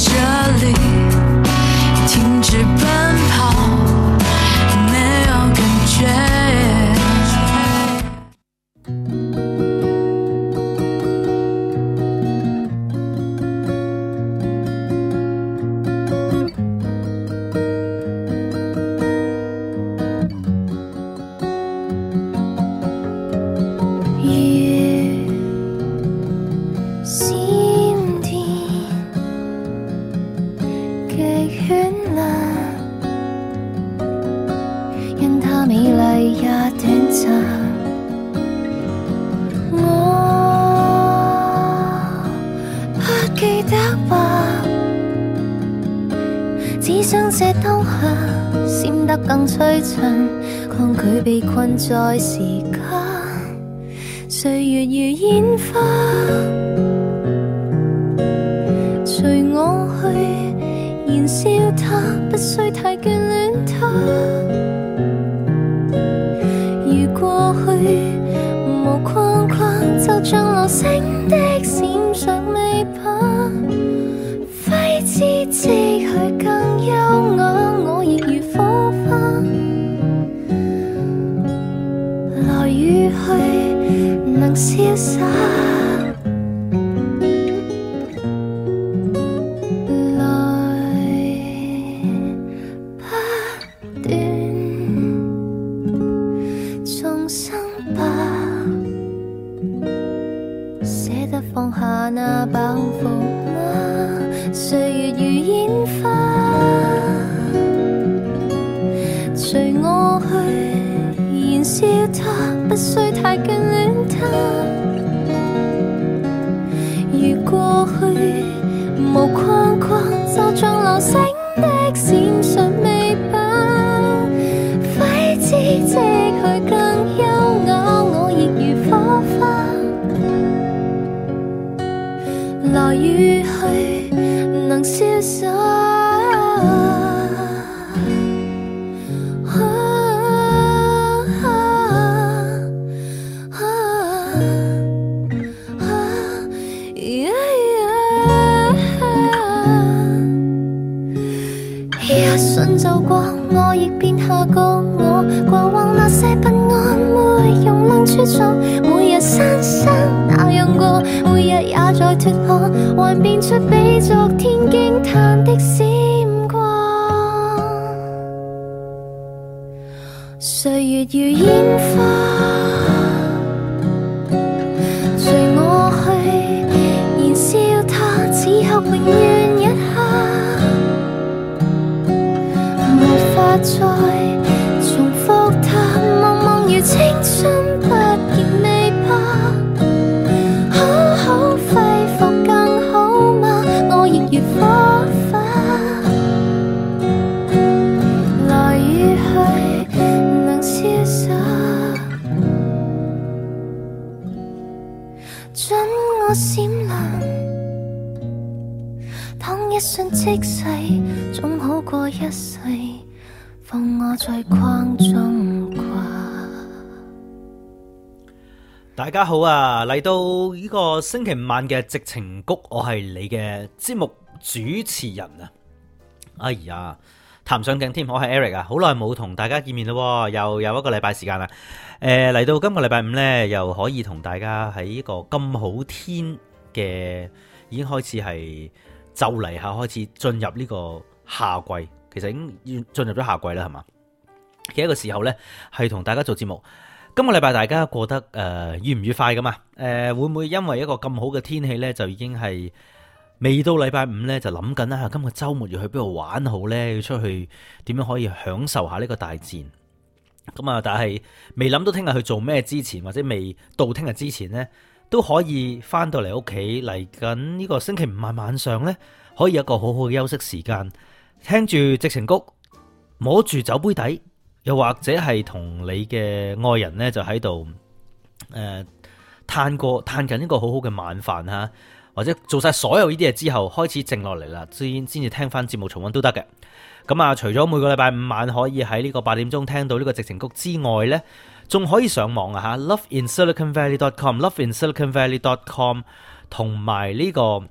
這裏，停止吧。記得吧，只想這當下閃得更璀璨，抗拒被困在時間。歲月如煙花，隨我去燃燒它，不需太眷戀它。如過去無框框，就像流星的。思緒更幽暗，我亦如火花，來與去能瀟灑。當一瞬即逝，總好過一世，放我在框中掛。大家好啊！嚟到呢個星期五晚嘅《矽情谷》，我係你嘅節目主持人啊！哎呀！談上鏡添，我係 Eric 啊，好耐冇同大家見面咯，又有一個禮拜時間啦。誒、呃、嚟到今個禮拜五呢，又可以同大家喺呢個咁好天嘅，已經開始係就嚟下開始進入呢個夏季，其實已經進入咗夏季啦，係嘛？嘅一個時候呢，係同大家做節目。今個禮拜大家過得誒、呃、愉唔愉快噶啊？誒、呃、會唔會因為一個咁好嘅天氣呢，就已經係？未到禮拜五咧，就諗緊啦，今個週末要去邊度玩好呢？要出去點樣可以享受下呢個大戰？咁啊，但係未諗到聽日去做咩之前，或者未到聽日之前呢，都可以翻到嚟屋企嚟緊呢個星期五晚晚上呢，可以有一個好好嘅休息時間，聽住《矽情谷》，摸住酒杯底，又或者係同你嘅愛人呢，就喺度誒嘆過嘆緊一個好好嘅晚飯嚇。或者做晒所有呢啲嘢之後，開始靜落嚟啦，先先至聽翻節目重溫都得嘅。咁啊，除咗每個禮拜五晚可以喺呢個八點鐘聽到呢個矽情谷之外呢，仲可以上網啊吓，Love in Silicon Valley.com，Love in Silicon Valley.com，同埋呢個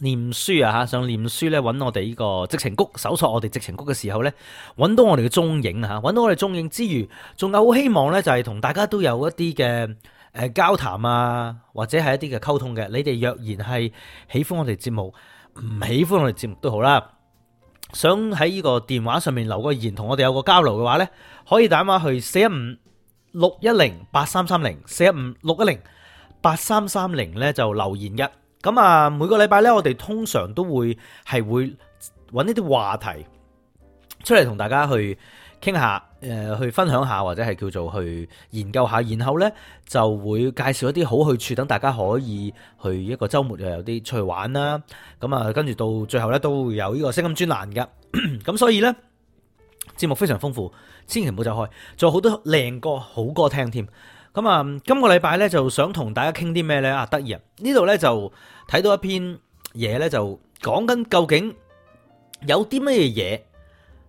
念書啊吓，想念書呢，揾我哋呢個矽情谷，搜索我哋矽情谷嘅時候呢，揾到我哋嘅蹤影啊吓，揾到我哋蹤影之餘，仲有希望呢，就係同大家都有一啲嘅。誒，交談啊，或者係一啲嘅溝通嘅，你哋若然係喜歡我哋節目，唔喜歡我哋節目都好啦。想喺呢個電話上面留個言，同我哋有個交流嘅話呢，可以打電話去四一五六一零八三三零四一五六一零八三三零呢，30, 就留言嘅。咁啊，每個禮拜呢，我哋通常都會係會揾呢啲話題出嚟同大家去。傾下，誒、呃，去分享下或者係叫做去研究下，然後呢，就會介紹一啲好去處，等大家可以去一個周末又有啲出去玩啦。咁啊，跟住到最後呢，都會有呢個聲音專欄嘅。咁 所以呢，節目非常豐富，千祈唔好走開，仲有好多靚歌、好歌聽添。咁、嗯、啊，今個禮拜呢，就想同大家傾啲咩呢？啊，得意啊！呢度呢，就睇到一篇嘢呢，就講緊究竟有啲咩嘢。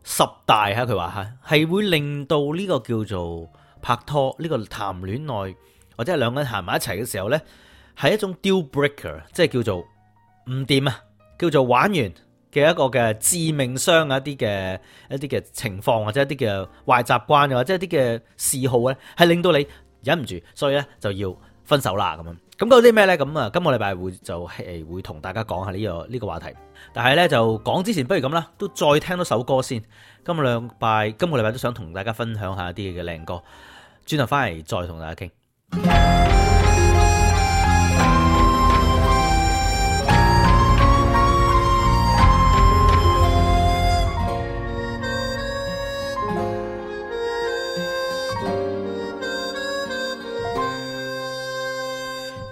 十大嚇佢話嚇，係會令到呢個叫做拍拖、呢個談戀愛或者係兩個人行埋一齊嘅時候呢，係一種 deal breaker，即係叫做唔掂啊，叫做玩完嘅一個嘅致命傷啊，一啲嘅一啲嘅情況或者一啲嘅壞習慣啊，或者一啲嘅嗜好咧，係令到你忍唔住，所以呢就要分手啦咁樣。咁究竟啲咩呢？咁啊，今個禮拜會就會同大家講下呢個呢個話題。但係呢，就講之前，不如咁啦，都再聽多首歌先。今個禮拜，今個禮拜都想同大家分享下啲嘅靚歌。轉頭翻嚟再同大家傾。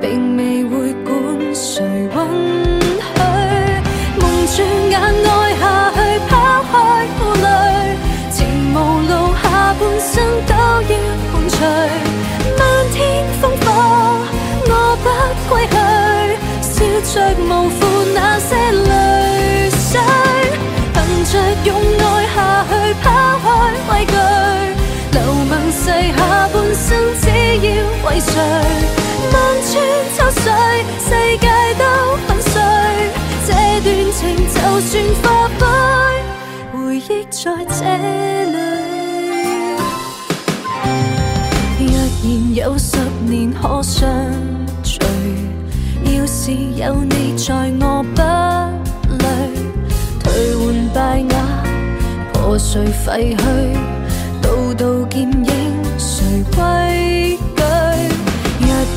並未會管誰允許，蒙住眼愛下去，拋開負累，情無路，下半生都要伴隨？漫天風火，我不歸去，笑着無負那些淚水，憑着用愛下去，拋開畏懼，留盟誓，下半生只要為誰？萬千秋水，世界都粉碎，這段情就算化灰，回憶在這裏。若然有十年可相聚，要是有你在我不累。頹垣敗瓦，破碎廢墟，道道劍影，誰歸？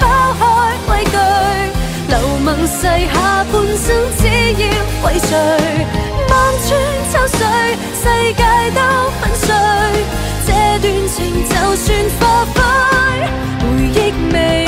拋開畏懼，流亡誓下半生只要為誰，望穿秋水，世界都粉碎，這段情就算化灰，回憶未。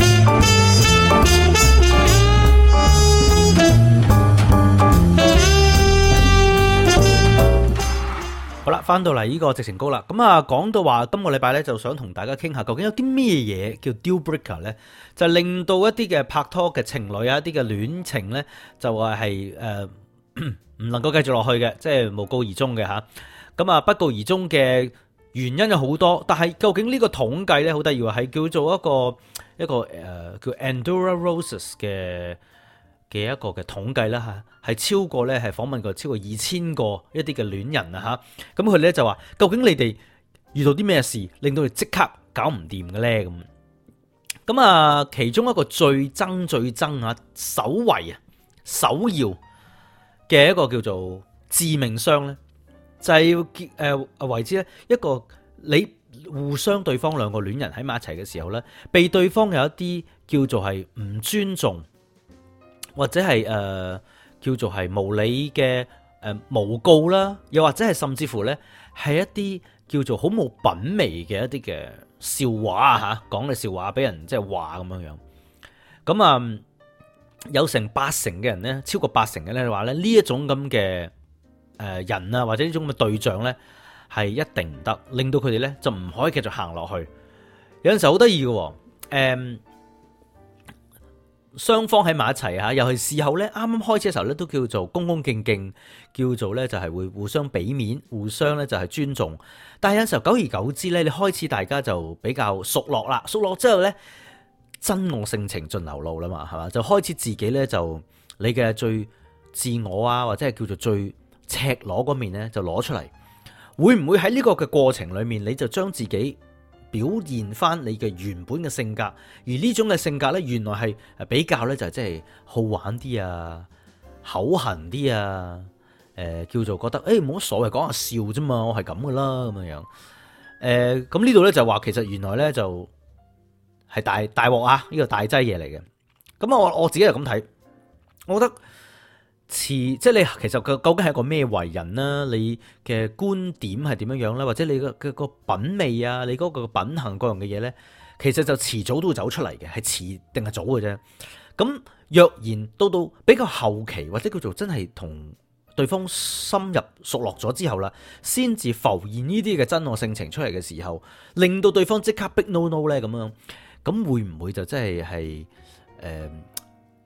好啦，翻到嚟呢個矽情谷啦，咁啊講到話今個禮拜咧，就想同大家傾下，究竟有啲咩嘢叫 deal breaker 咧，就令到一啲嘅拍拖嘅情侶啊，一啲嘅戀情咧，就話係誒唔能夠繼續落去嘅，即係無告而終嘅吓。咁啊，不告而終嘅原因有好多，但係究竟呢個統計咧，好得意話係叫做一個一個誒、呃、叫 Andura Roses 嘅。嘅一個嘅統計啦嚇，係超過咧係訪問過超過二千個一啲嘅戀人啊嚇，咁佢咧就話：究竟你哋遇到啲咩事令到你即刻搞唔掂嘅咧？咁咁啊，其中一個最憎、最憎啊，首位啊，首要嘅一個叫做致命傷咧，就係要誒為之咧一個你互相對方兩個戀人喺埋一齊嘅時候咧，被對方有一啲叫做係唔尊重。或者係誒、呃、叫做係無理嘅誒誣告啦，又或者係甚至乎咧，係一啲叫做好冇品味嘅一啲嘅笑話啊吓，講嘅笑話俾人即係話咁樣樣。咁、嗯、啊有成八成嘅人咧，超過八成嘅咧，話咧呢一種咁嘅誒人啊，或者呢種嘅對象咧係一定唔得，令到佢哋咧就唔可以繼續行落去。有陣時好得意嘅，誒、嗯。雙方喺埋一齊吓，尤其事後呢，啱啱開始嘅時候呢，都叫做恭恭敬敬，叫做呢就係會互相俾面，互相呢就係尊重。但係有時候久而久之呢，你開始大家就比較熟絡啦，熟絡之後呢，真我性情盡流露啦嘛，係嘛，就開始自己呢，就你嘅最自我啊，或者係叫做最赤裸嗰面呢，就攞出嚟。會唔會喺呢個嘅過程裏面，你就將自己，表現翻你嘅原本嘅性格，而呢種嘅性格咧，原來係比較咧就係即係好玩啲啊，口痕啲啊，誒、呃、叫做覺得誒冇乜所謂，講下笑啫嘛，我係咁噶啦咁樣樣。誒咁呢度咧就話其實原來咧就係大大鑊啊，呢個大劑嘢嚟嘅。咁啊，我我自己係咁睇，我覺得。遲即係你其實佢究竟係個咩為人啦？你嘅觀點係點樣樣啦？或者你嘅嘅個品味啊，你嗰個品行各樣嘅嘢呢，其實就遲早都會走出嚟嘅，係遲定係早嘅啫。咁若然到到比較後期，或者叫做真係同對方深入熟絡咗之後啦，先至浮現呢啲嘅真我性情出嚟嘅時候，令到對方即刻逼 no no 呢咁樣，咁會唔會就真係係誒？嗯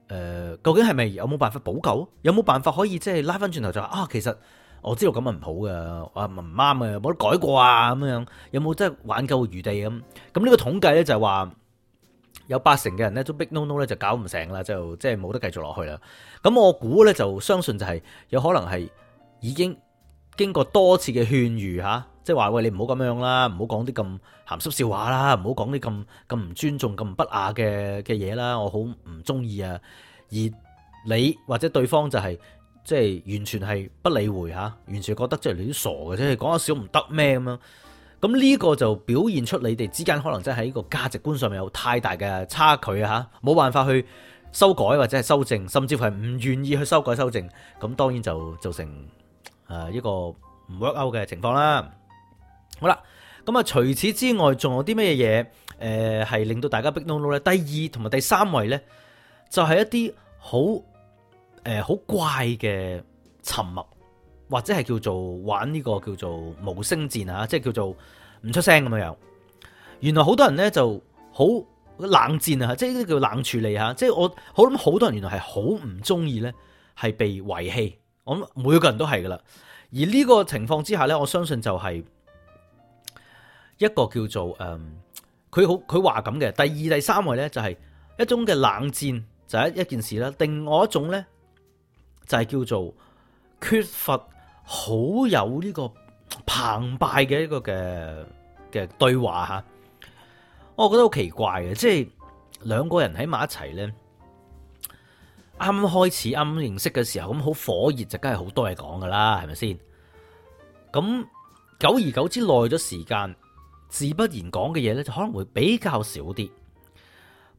誒，究竟係咪有冇辦法補救？有冇辦法可以即係拉翻轉頭就話啊？其實我知道咁啊唔好噶，啊唔啱嘅，冇得改過啊咁樣，有冇即係挽救嘅餘地咁？咁呢個統計咧就係話有八成嘅人咧、no，都逼 Big No No 咧就搞唔成啦，就即係冇得繼續落去啦。咁我估咧就相信就係有可能係已經。經過多次嘅勸喻嚇，即係話喂，你唔好咁樣啦，唔好講啲咁鹹濕笑話啦，唔好講啲咁咁唔尊重、咁不雅嘅嘅嘢啦，我好唔中意啊。而你或者對方就係即係完全係不理會嚇，完全覺得即係你啲傻嘅，即係講少唔得咩咁咯。咁、這、呢個就表現出你哋之間可能真係喺個價值觀上面有太大嘅差距嚇，冇辦法去修改或者係修正，甚至乎係唔願意去修改修正。咁當然就造成。誒，一個唔 work out 嘅情況啦。好啦，咁啊，除此之外仲有啲咩嘢？誒、呃，係令到大家逼到碌咧。第二同埋第三位咧，就係、是、一啲好誒好怪嘅沉默，或者係叫做玩呢個叫做無聲戰啊，即係叫做唔出聲咁樣樣。原來好多人咧就好冷戰啊，即係呢啲叫冷處理吓。即係我好諗，好多人原來係好唔中意咧，係被遺棄。我諗每個人都係噶啦，而呢個情況之下咧，我相信就係一個叫做誒，佢、嗯、好佢話咁嘅，第二第三位咧就係、是、一種嘅冷戰就是、一一件事啦，另外一種咧就係、是、叫做缺乏好有呢個澎湃嘅一個嘅嘅對話吓，我覺得好奇怪嘅，即係兩個人喺埋一齊咧。啱啱開始啱啱認識嘅時候，咁好火熱就梗係好多嘢講㗎喇，係咪先？咁久而久之耐咗時間，自不然講嘅嘢呢就可能會比較少啲。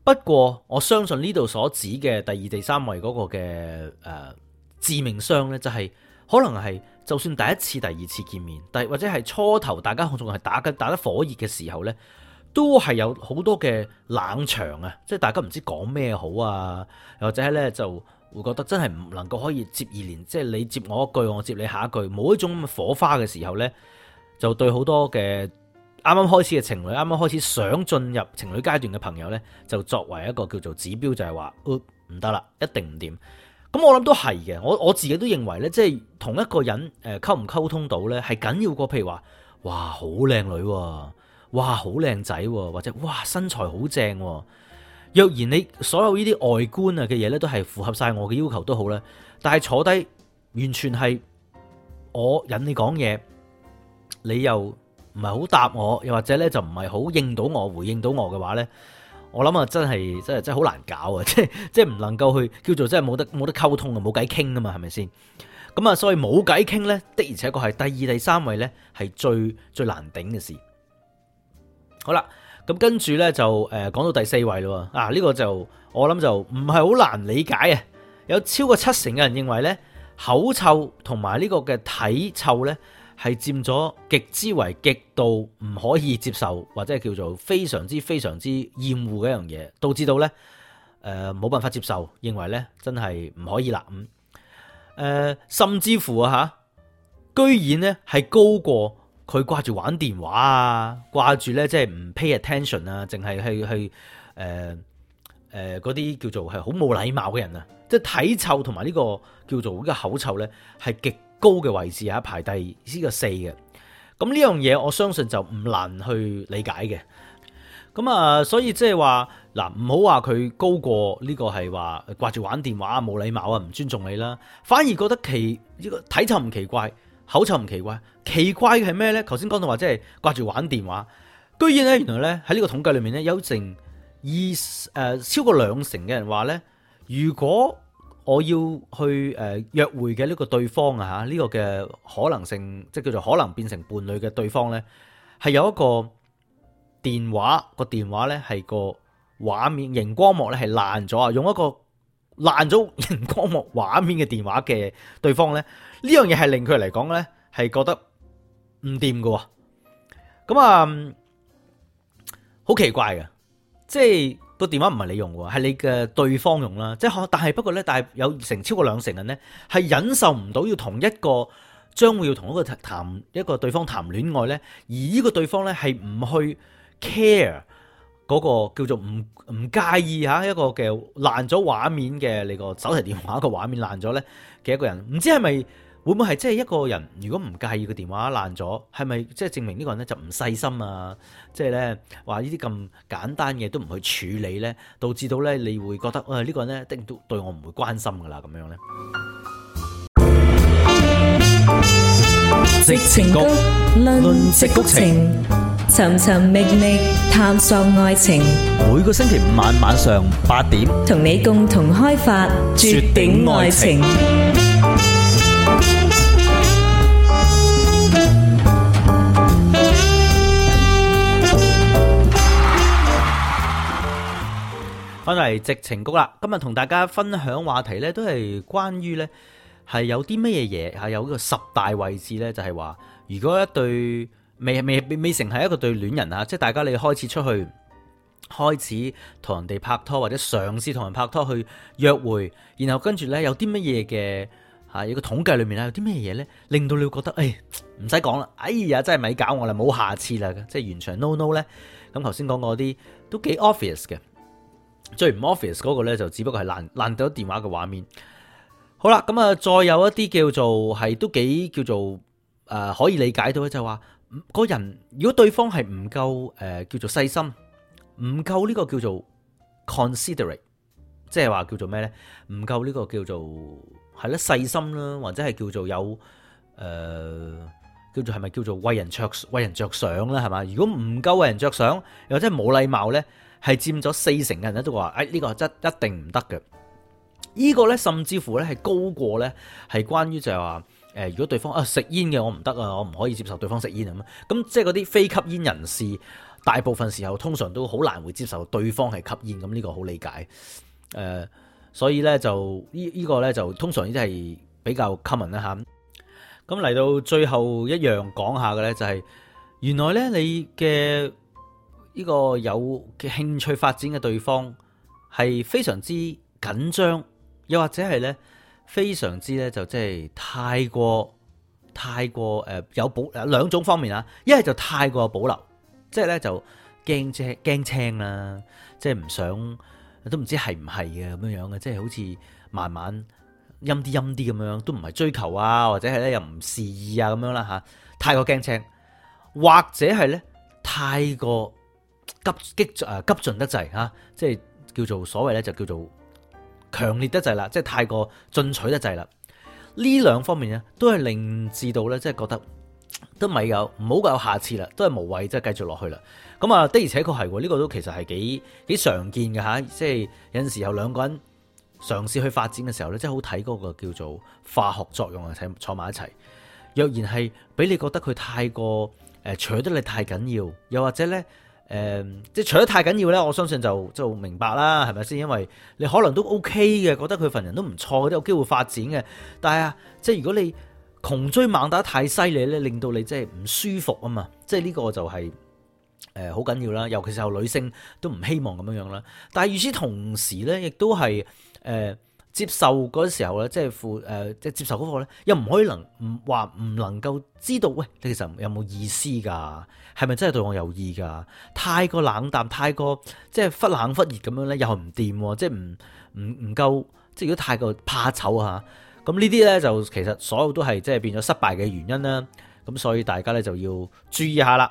不過我相信呢度所指嘅第二、第三位嗰個嘅誒、呃、致命傷呢、就是，就係可能係就算第一次、第二次見面，但或者係初頭大家仲係打緊打得火熱嘅時候呢。都係有好多嘅冷場啊，即係大家唔知講咩好啊，或者咧就會覺得真係唔能夠可以接二連，即係你接我一句，我接你下一句，冇一種火花嘅時候呢，就對好多嘅啱啱開始嘅情侶，啱啱開始想進入情侶階段嘅朋友呢，就作為一個叫做指標，就係話唔得啦，一定唔掂。咁我諗都係嘅，我我自己都認為呢，即係同一個人誒溝唔溝通到呢，係緊要過譬如話哇好靚女啊。哇，好靚仔，或者哇，身材好正。若然你所有呢啲外觀啊嘅嘢咧，都係符合晒我嘅要求都好啦，但係坐低完全係我引你講嘢，你又唔係好答我，又或者咧就唔係好應到我，回應到我嘅話咧，我諗啊真係真係真係好難搞啊！即係即係唔能夠去叫做真係冇得冇得溝通啊，冇偈傾啊嘛，係咪先？咁啊，所以冇偈傾咧，的而且確係第二、第三位咧，係最最難頂嘅事。好啦，咁跟住咧就誒講到第四位咯，啊呢個就我諗就唔係好難理解啊，有超過七成嘅人認為咧口臭同埋呢個嘅體臭咧係佔咗極之為極度唔可以接受，或者係叫做非常之非常之厭惡嘅一樣嘢，導致到咧誒冇辦法接受，認為咧真係唔可以啦，咁、嗯、誒、呃、甚至乎吓、啊、居然咧係高過。佢掛住玩電話啊，掛住咧即係唔 pay attention 啊，淨係去去誒誒嗰啲叫做係好冇禮貌嘅人啊，即係體臭同埋呢個叫做個口臭咧係極高嘅位置啊，一排第呢個四嘅。咁呢樣嘢我相信就唔難去理解嘅。咁啊，所以即係話嗱，唔好話佢高過呢個係話掛住玩電話啊，冇禮貌啊，唔尊重你啦，反而覺得奇呢個體臭唔奇怪。口臭唔奇怪，奇怪嘅係咩咧？頭先講到話即係掛住玩電話，居然咧原來咧喺呢個統計裏面咧有成二誒超過兩成嘅人話咧，如果我要去誒約會嘅呢個對方啊嚇呢個嘅可能性，即係叫做可能變成伴侶嘅對方咧，係有一個電話。個電話咧係個畫面熒光幕咧係爛咗啊！用一個爛咗熒光幕畫面嘅電話嘅對方咧，這是令他來呢樣嘢，係令佢嚟講咧係覺得唔掂噶，咁啊好奇怪嘅，即係個電話唔係你用，係你嘅對方用啦。即係但係不過咧，但係有成超過兩成人咧係忍受唔到要同一個，將會要同一個談一個對方談戀愛咧，而呢個對方咧係唔去 care。嗰個叫做唔唔介意嚇一個嘅爛咗畫面嘅你個手提電話個畫面爛咗咧嘅一個人，唔知係咪會唔會係即係一個人如果唔介意個電話爛咗，係咪即係證明呢個人咧就唔細心啊？即係咧話呢啲咁簡單嘅都唔去處理咧，導致到咧你會覺得啊呢個人咧都對我唔會關心噶啦咁樣咧。矽情谷，論矽情谷。尋尋覓覓，探索愛情。每個星期五晚晚上八點，同你共同開發絕頂愛情。翻嚟矽情谷啦，今日同大家分享話題咧，都係關於呢係有啲乜嘢嘢，係有個十大位置呢就係話，如果一對。未未未成係一個對戀人啊，即係大家你開始出去，開始同人哋拍拖或者嘗試同人拍拖去約會，然後跟住咧有啲乜嘢嘅，吓一個統計裏面咧有啲咩嘢咧，令到你會覺得誒，唔使講啦，哎呀真係咪搞我啦，冇下次啦，即係完全 no no 咧。咁頭先講嗰啲都幾 obvious 嘅，最唔 obvious 嗰個咧就只不過係爛爛咗電話嘅畫面。好啦，咁啊再有一啲叫做係都幾叫做誒、呃、可以理解到咧，就係話。個人如果對方係唔夠誒叫做細心，唔夠呢個叫做 considerate，即係話叫做咩咧？唔夠呢個叫做係咧細心啦，或者係叫做有誒、呃、叫做係咪叫做為人着為人着想啦？係嘛？如果唔夠為人着想，又或者冇禮貌咧，係佔咗四成嘅人都話，誒、哎、呢、呢個真一，一定唔得嘅。呢個、呢個咧甚至乎咧係高過咧係關於就係話。誒，如果對方啊食煙嘅，我唔得啊，我唔可以接受對方食煙咁。咁即係嗰啲非吸煙人士，大部分時候通常都好難會接受對方係吸煙咁，呢個好理解。誒、呃，所以呢，就呢呢個呢，就通常都係比較 common 啦嚇。咁嚟到最後一樣講下嘅呢、就是，就係原來呢，你嘅呢個有興趣發展嘅對方係非常之緊張，又或者係呢。非常之咧，就即、是、係太過太過誒、呃，有保兩種方面啊，一係就太過保留，即係咧就驚、是、青驚青啦，即係唔想都唔知係唔係嘅咁樣樣嘅，即、就、係、是、好似慢慢陰啲陰啲咁樣，都唔係追求啊，或者係咧又唔示意啊咁樣啦吓。太過驚青，或者係咧太過急激誒急進得滯吓，即係叫做所謂咧就叫做。強烈得滯啦，即係太過進取得滯啦。呢兩方面咧，都係令至到咧，即係覺得都咪有，唔好咁有下次啦，都係無謂，即係繼續落去啦。咁啊，的而且確係，呢個都其實係幾幾常見嘅吓，即係有陣時候兩個人嘗試去發展嘅時候咧，即係好睇嗰個叫做化學作用啊，睇坐埋一齊。若然係俾你覺得佢太過誒，取、呃、得你太緊要，又或者咧。誒，即係除咗太緊要咧，我相信就就明白啦，係咪先？因為你可能都 OK 嘅，覺得佢份人都唔錯，都有機會發展嘅。但係啊，即係如果你窮追猛打太犀利咧，令到你真係唔舒服啊嘛，即係呢個就係誒好緊要啦。尤其是女性都唔希望咁樣樣啦。但係與此同時咧，亦都係誒接受嗰時候咧，即係負誒，即、呃、係接受嗰個咧，又唔可以能唔話唔能夠知道，喂，你其實有冇意思㗎？係咪真係對我有意㗎？太過冷淡，太過即係忽冷忽熱咁樣咧，又唔掂，即係唔唔唔夠。即係如果太過怕醜吓，咁呢啲咧就其實所有都係即係變咗失敗嘅原因啦。咁所以大家咧就要注意下啦。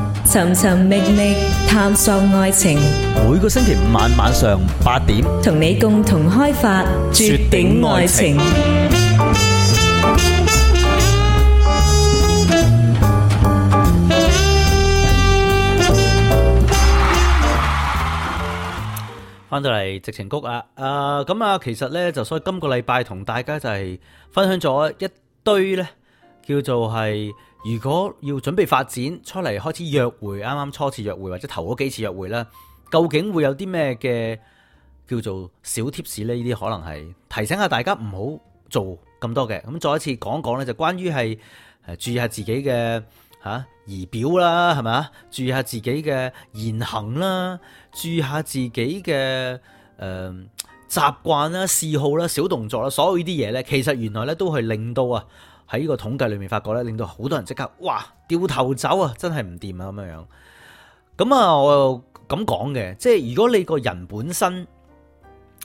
尋尋覓覓，探索愛情。每個星期五晚晚上八點，同你共同開發絕頂愛情。翻到嚟矽情谷啊！誒，咁啊，其實咧就所以今個禮拜同大家就係分享咗一堆咧，叫做係。如果要準備發展出嚟開始約會，啱啱初次約會或者頭嗰幾次約會啦，究竟會有啲咩嘅叫做小 tips 咧？呢啲可能係提醒下大家唔好做咁多嘅。咁再一次講講呢，就關於係誒注意下自己嘅嚇儀表啦，係咪啊？注意下自己嘅言行啦，注意下自己嘅誒、呃、習慣啦、嗜好啦、小動作啦，所有呢啲嘢呢，其實原來呢都係令到啊～喺呢個統計裏面發覺咧，令到好多人即刻哇掉頭走啊！真係唔掂啊咁樣樣。咁啊，我又咁講嘅，即係如果你個人本身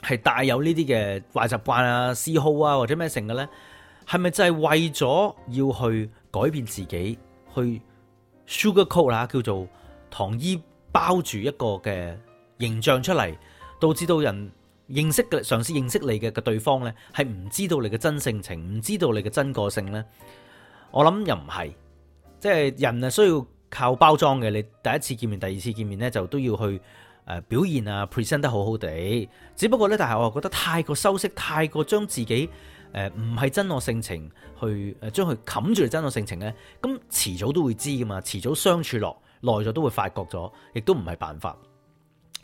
係帶有呢啲嘅壞習慣啊、嗜好啊或者咩成嘅咧，係咪就係為咗要去改變自己，去 sugar coat 啊，叫做糖衣包住一個嘅形象出嚟，導致到人認識嘅嘗試認識你嘅嘅對方呢，係唔知道你嘅真性情，唔知道你嘅真個性呢。我諗又唔係，即係人啊需要靠包裝嘅。你第一次見面，第二次見面呢，就都要去誒表現啊 present 得好好地。只不過呢，但係我覺得太過修飾，太過將自己誒唔係真我性情去誒將佢冚住嚟真我性情呢，咁遲早都會知㗎嘛。遲早相處落耐咗都會發覺咗，亦都唔係辦法。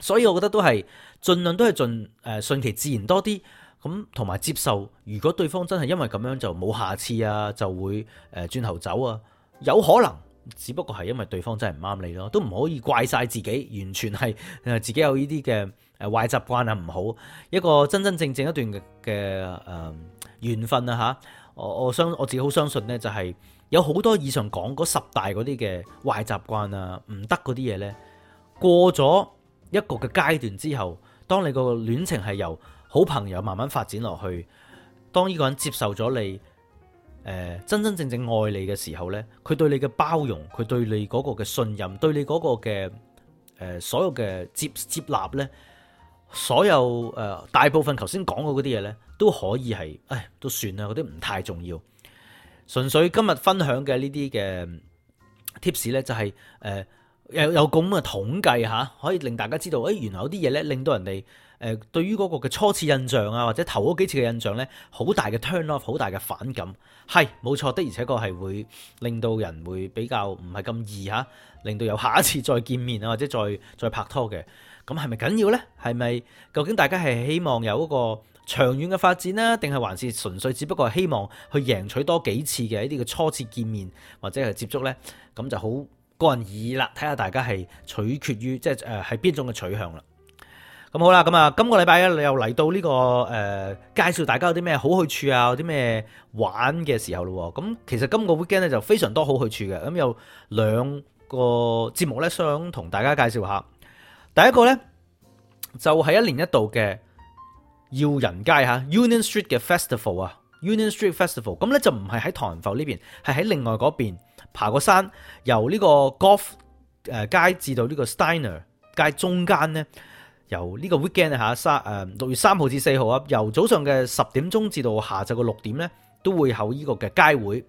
所以，我覺得都係盡量都係盡誒順其自然多啲咁，同埋接受。如果對方真係因為咁樣就冇下次啊，就會誒轉頭走啊，有可能。只不過係因為對方真係唔啱你咯，都唔可以怪晒自己，完全係自己有呢啲嘅誒壞習慣啊，唔好一個真真正正一段嘅嘅誒緣分啊嚇。我我相我自己好相信呢，就係有好多以上講嗰十大嗰啲嘅壞習慣啊，唔得嗰啲嘢呢，過咗。一個嘅階段之後，當你個戀情係由好朋友慢慢發展落去，當呢個人接受咗你，誒、呃、真真正正愛你嘅時候呢，佢對你嘅包容，佢對你嗰個嘅信任，對你嗰個嘅誒所有嘅接接納咧，所有誒、呃、大部分頭先講嘅嗰啲嘢呢，都可以係，唉都算啦，嗰啲唔太重要，純粹今日分享嘅呢啲嘅 tips 咧，就係誒。有有咁嘅統計可以令大家知道，哎，原來有啲嘢咧令到人哋誒對於嗰個嘅初次印象啊，或者頭嗰幾次嘅印象咧，好大嘅 turn off，好大嘅反感，係冇錯，的而且確係會令到人會比較唔係咁易，嚇，令到有下一次再見面啊，或者再再拍拖嘅，咁係咪緊要咧？係咪究竟大家係希望有一個長遠嘅發展呢？定係還是純粹只不過係希望去贏取多幾次嘅一啲嘅初次見面或者係接觸咧？咁就好。個人意義啦，睇下大家係取決於即係誒，係邊種嘅取向啦。咁好啦，咁啊，今個禮拜一，你又嚟到呢個誒，介紹大家有啲咩好去處啊，有啲咩玩嘅時候咯。咁其實今個 weekend 咧就非常多好去處嘅，咁有兩個節目咧，想同大家介紹下。第一個咧就係、是、一年一度嘅要人街吓 Union Street 嘅 Festival 啊，Union Street Festival。咁咧就唔係喺唐人埠呢邊，係喺另外嗰邊。爬個山，由呢個 Golf 街至到呢個 Steiner 街中間咧，由呢個 Weekend 嚇，三誒六月三號至四號啊，由早上嘅十點鐘至到下晝嘅六點咧，都會有呢個嘅街會。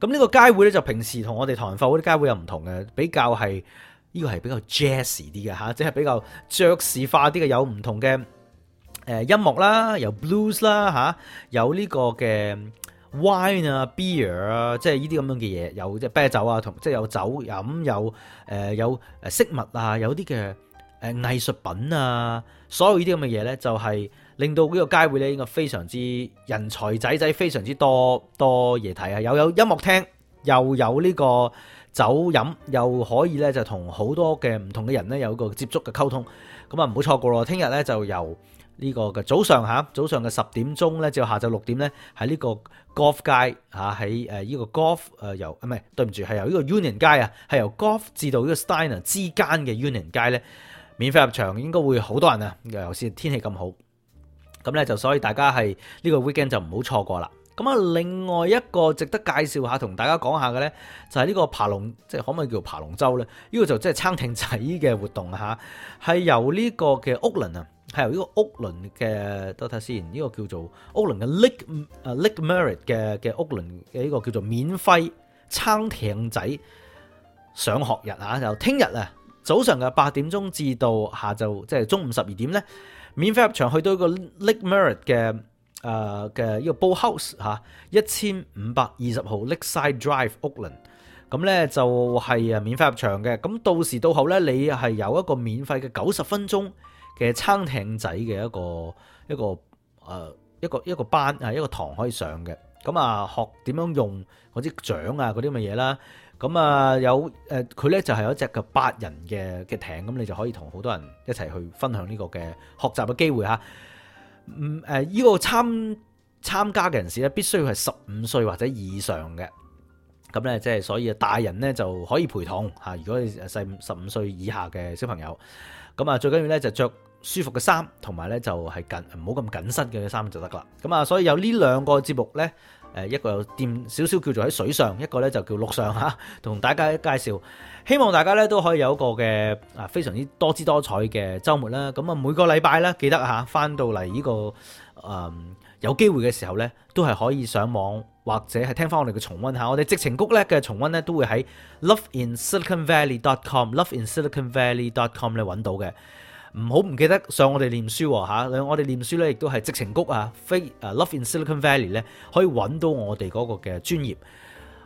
咁呢個街會咧就平時同我哋唐人埠嗰啲街會有唔同嘅，比較係呢個係比較 jazz 啲嘅嚇，即係比較爵士化啲嘅，有唔同嘅誒音樂啦，有 blues 啦嚇，有呢個嘅。wine 啊、beer 啊，即係呢啲咁樣嘅嘢，有即啤酒啊，同即係有酒飲，有誒、呃、有誒飾物啊，有啲嘅誒藝術品啊，所有呢啲咁嘅嘢咧，就係令到呢個街會咧，應該非常之人才仔仔，非常之多多嘢睇啊！又有音樂廳，又有呢個酒飲，又可以咧就同好多嘅唔同嘅人咧有個接觸嘅溝通。咁啊唔好錯過咯！聽日咧就由呢個嘅早上嚇，早上嘅十點鐘咧至到下晝六點咧喺呢個。Golf 街嚇喺誒呢個 Golf 誒、呃、由啊唔係對唔住係由呢個 Union 街啊，係由 Golf 至到呢個 Steiner 之間嘅 Union 街咧，免費入場應該會好多人啊，尤其是天氣咁好，咁咧就所以大家係呢個 Weekend 就唔好錯過啦。咁啊，另外一個值得介紹下同大家講下嘅咧，就係、是、呢個爬龍即係可唔可以叫做爬龍舟咧？呢、這個就即係撐艇仔嘅活動嚇，係由呢個嘅屋崙啊。係由呢個屋倫嘅，等下先，呢、這個叫做屋倫嘅 Lake，啊 Lake Merritt 嘅嘅屋倫嘅呢個叫做免費撐艇仔上學日啊！就聽日啊，早上嘅八點鐘至到下晝即係中午十二點咧，免費入場去到一個 Lake Merritt 嘅誒嘅、呃、呢個 Boathouse 吓、啊，一千五百二十號 Lakeside Drive，屋倫咁咧就係啊免費入場嘅，咁到時到後咧，你係有一個免費嘅九十分鐘。嘅餐廳仔嘅一個一個誒、呃、一個一個班係一個堂可以上嘅，咁啊學點樣用嗰啲獎啊嗰啲乜嘢啦，咁啊有誒佢咧就係、是、有一隻嘅八人嘅嘅艇，咁你就可以同好多人一齊去分享呢個嘅學習嘅機會嚇。嗯誒，呢、呃呢個參參加嘅人士咧必須要係十五歲或者以上嘅，咁咧即係所以大人咧就可以陪同嚇，如果你細十五歲以下嘅小朋友，咁啊最緊要咧就着、是。舒服嘅衫，同埋咧就係緊唔好咁緊身嘅衫就得啦。咁啊，所以有呢兩個節目咧，誒一個有掂少少叫做喺水上，一個咧就叫陸上吓，同大家介紹。希望大家咧都可以有一個嘅啊非常之多姿多彩嘅周末啦。咁啊，每個禮拜咧記得吓翻到嚟呢個誒、嗯、有機會嘅時候咧，都係可以上網或者係聽翻我哋嘅重溫吓。我哋矽情谷咧嘅重溫咧都會喺 loveinSiliconValley.com love、loveinSiliconValley.com 嚟揾到嘅。唔好唔記得上我哋念書嚇，我哋念書咧，亦都係矽情谷啊，非啊 Love in Silicon Valley 咧，可以揾到我哋嗰個嘅專頁。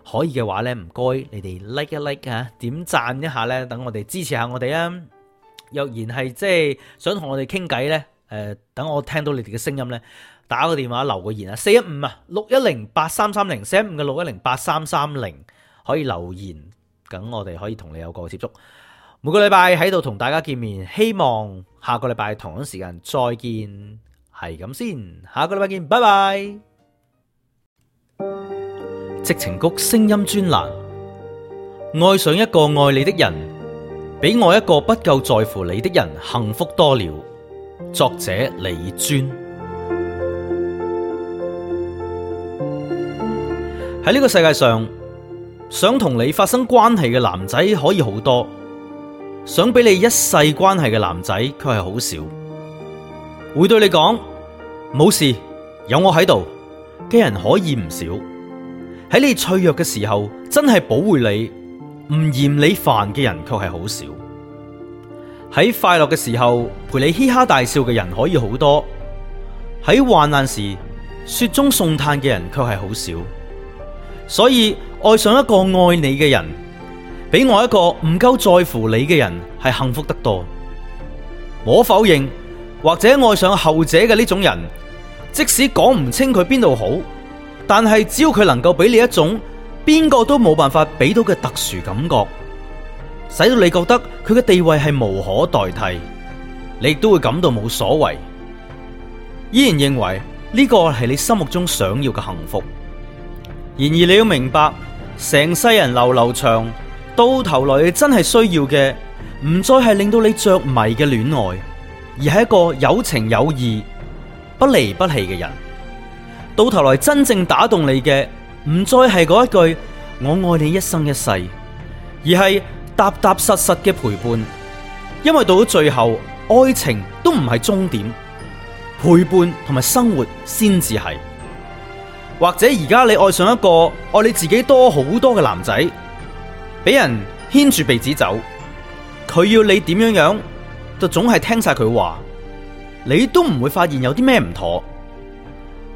可以嘅話咧，唔該，你哋 like 一 like 啊，點讚一下咧，等我哋支持下我哋啊。若然係即係想同我哋傾偈咧，誒，等我聽到你哋嘅聲音咧，打個電話留個言啊，四一五啊，六一零八三三零，四一五嘅六一零八三三零可以留言，咁我哋可以同你有個接觸。每個禮拜喺度同大家見面，希望下個禮拜同一時間再見，係咁先。下個禮拜見，拜拜。矽情谷聲音專欄：愛上一個愛你的人，比愛一個不夠在乎你的人幸福多了。作者李尊。喺呢個世界上，想同你發生關係嘅男仔可以好多。想俾你一世關係嘅男仔，卻係好少會對你講「冇事，有我喺度嘅人可以唔少。喺你脆弱嘅時候，真係保護你，唔嫌你煩嘅人，卻係好少。喺快樂嘅時候，陪你嘻哈大笑嘅人可以好多。喺患難時雪中送炭嘅人，卻係好少。所以愛上一個愛你嘅人。比我一個唔夠在乎你嘅人係幸福得多。我否認，或者愛上後者嘅呢種人，即使講唔清佢邊度好，但係只要佢能夠俾你一種邊個都冇辦法俾到嘅特殊感覺，使到你覺得佢嘅地位係無可代替，你亦都會感到冇所謂，依然認為呢個係你心目中想要嘅幸福。然而你要明白，成世人流流長。到頭來真係需要嘅，唔再係令到你着迷嘅戀愛，而係一個有情有義、不離不棄嘅人。到頭來真正打動你嘅，唔再係嗰一句“我愛你一生一世”，而係踏踏實實嘅陪伴。因為到咗最後，愛情都唔係終點，陪伴同埋生活先至係。或者而家你愛上一個愛你自己多好多嘅男仔。俾人牽住鼻子走，佢要你點樣樣，就總係聽晒佢話，你都唔會發現有啲咩唔妥。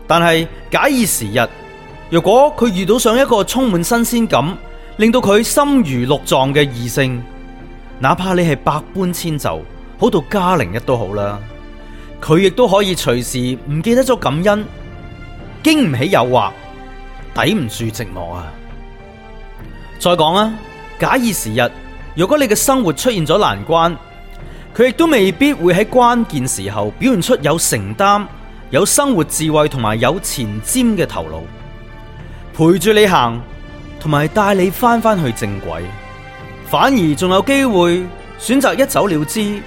但係假以時日，如果佢遇到上一個充滿新鮮感，令到佢心如鹿撞嘅異性，哪怕你係百般遷就，好到加零一都好啦，佢亦都可以隨時唔記得咗感恩，經唔起誘惑，抵唔住寂寞啊！再講啦。假以時日，如果你嘅生活出現咗難關，佢亦都未必會喺關鍵時候表現出有承擔、有生活智慧同埋有前瞻嘅頭腦，陪住你行，同埋帶你翻返去正軌，反而仲有機會選擇一走了之，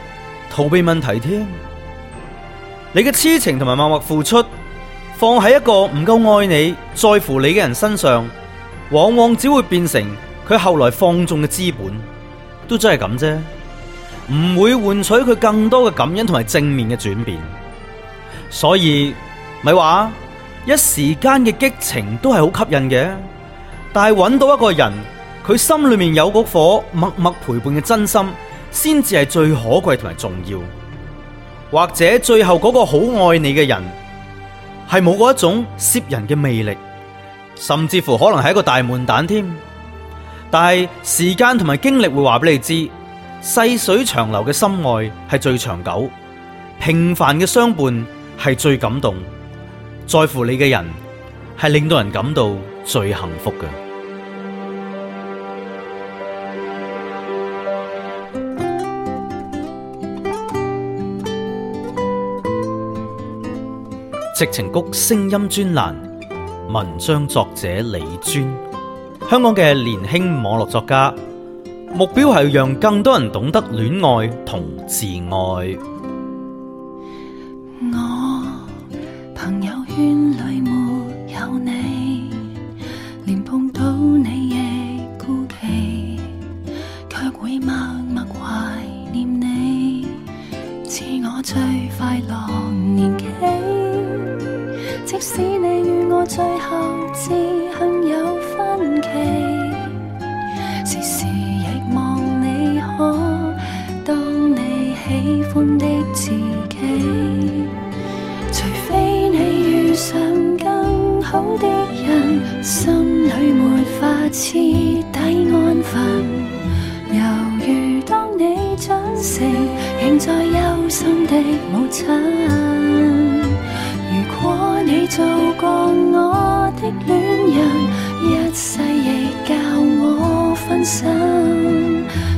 逃避問題添。你嘅癡情同埋默默付出，放喺一個唔夠愛你、在乎你嘅人身上，往往只會變成。佢後來放縱嘅資本都真係咁啫，唔會換取佢更多嘅感恩同埋正面嘅轉變。所以咪話，一時間嘅激情都係好吸引嘅，但係揾到一個人，佢心裏面有個火默默陪伴嘅真心，先至係最可貴同埋重要。或者最後嗰個好愛你嘅人，係冇嗰一種攝人嘅魅力，甚至乎可能係一個大悶蛋添。但係時間同埋經歷會話俾你知，細水長流嘅深愛係最長久，平凡嘅相伴係最感動，在乎你嘅人係令到人感到最幸福嘅。《矽情 谷聲音專欄》文章作者李尊。香港嘅年輕網絡作家，目標係要讓更多人懂得戀愛同自愛。戀人，一世亦教我分心。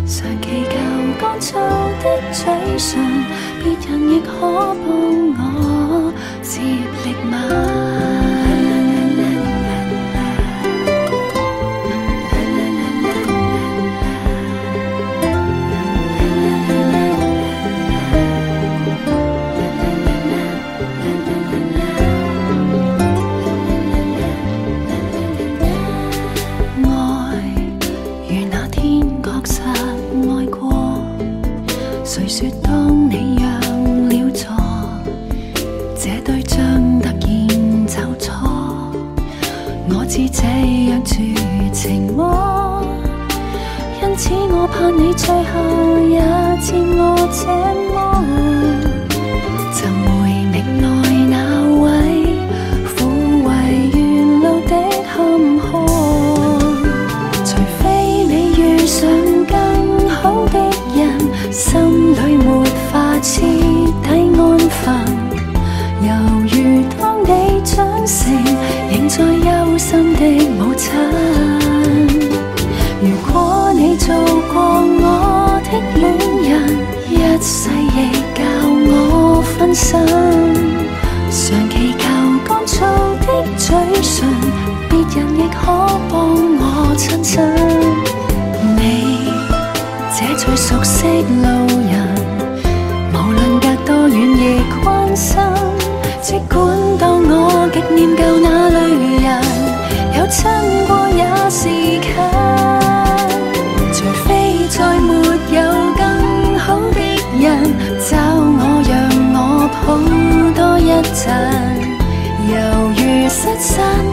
常祈求乾燥的嘴唇，別人亦可幫我。猶如失散。